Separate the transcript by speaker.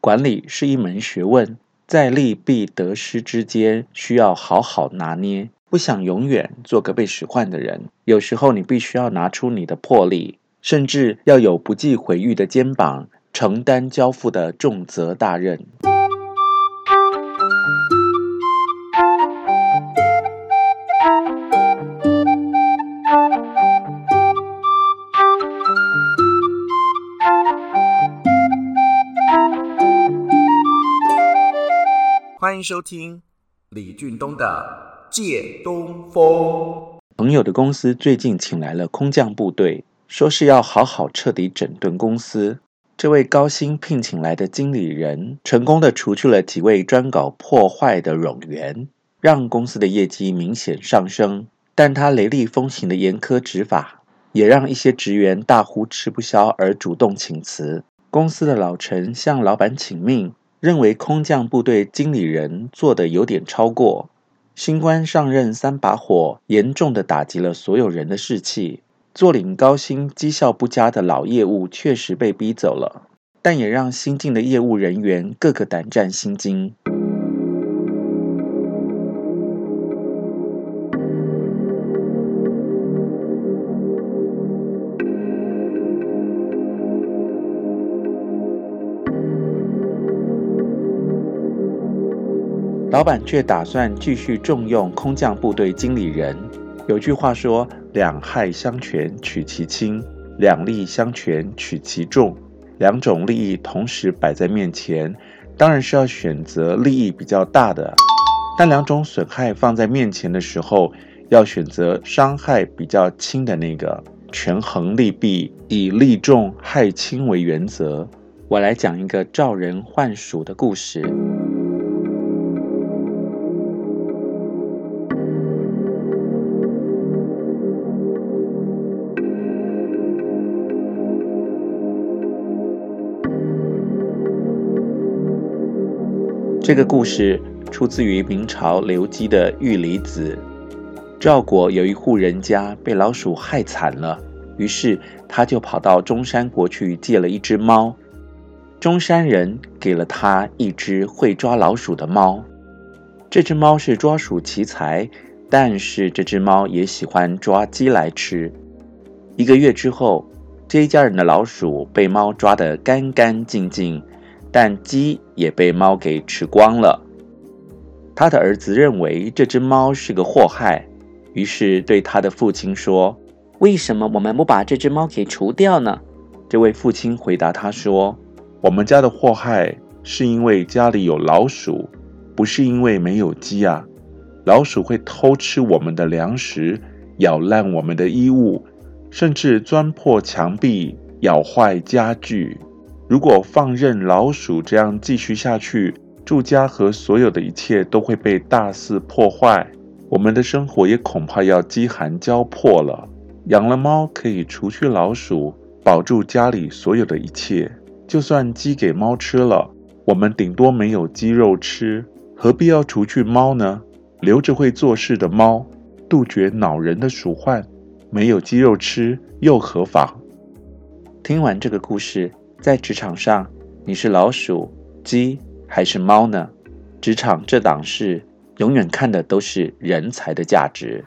Speaker 1: 管理是一門學問，在利弊得失之間需要好好拿捏。不想永遠做個被使喚的人，有時候你必須要拿出你的魄力，甚至要有不計毀譽的肩膀，承擔交付的重責大任。歡迎收聽李俊東的《借東風》。朋友的公司最近請來了空降部隊，說是要好好徹底整頓公司。這位高薪聘請來的經理人，成功地除去了幾位專搞破壞的冗員，讓公司的業績明顯上升。但他雷厲風行的嚴苛執法，也讓一些職員大呼吃不消而主動請辭。公司的老陳向老闆請命。認為空降部隊經理人做的有點超過，新官上任三把火，嚴重的打擊了所有人的士氣。坐領高薪、績效不佳的老業務確實被逼走了，但也讓新進的業務人員個個膽戰心驚。老板卻打算繼續重用空降部隊經理人。有句話說：“兩害相權取其輕，兩利相權取其重。兩種利益同時擺在面
Speaker 2: 前，當然是要選擇利益比較大的；但兩種損害放在面前的時候，要選擇傷害比較輕的那個。權衡
Speaker 1: 利弊，以利重害輕為原則。”我來講一個照人換鼠的故事。這個故事出自於明朝劉基的《郁離子》。趙國有一戶人家被老鼠害慘了，於是他就跑到中山國去借了一隻貓。中山人給了他一隻會抓老鼠的貓。這隻貓是抓鼠奇才，但是這隻貓也喜歡抓雞來吃。一個月之後，這一家人的老鼠被貓抓得乾乾淨淨。但雞也被貓給吃光了。他的兒子認為這隻貓是個禍害，於是對他的父親說：“為什麼我們不把這隻
Speaker 2: 貓給除掉呢？”這位父親回答他說：“我們家的禍害是因為家裡有老鼠，不是因為沒有雞啊。老鼠會偷吃我們的糧食，咬爛我們的衣物，甚至鑽破牆壁，咬壞家具。”如果放任老鼠這樣繼續下去，住家和所有的一切都會被大肆破壞，我們的生活也恐怕要飢寒交迫了。養了貓可以除去老鼠，保住家裡所有的一切。就算雞給貓吃了，我們頂多沒有雞肉吃，何必要除去貓呢？留着會做事的貓，杜絕惱人的鼠患，沒有雞肉吃又何妨？聽完這個故事。在職場上，你是老鼠、
Speaker 1: 雞還是貓呢？職場這檔事，永遠看的都是人才的價值。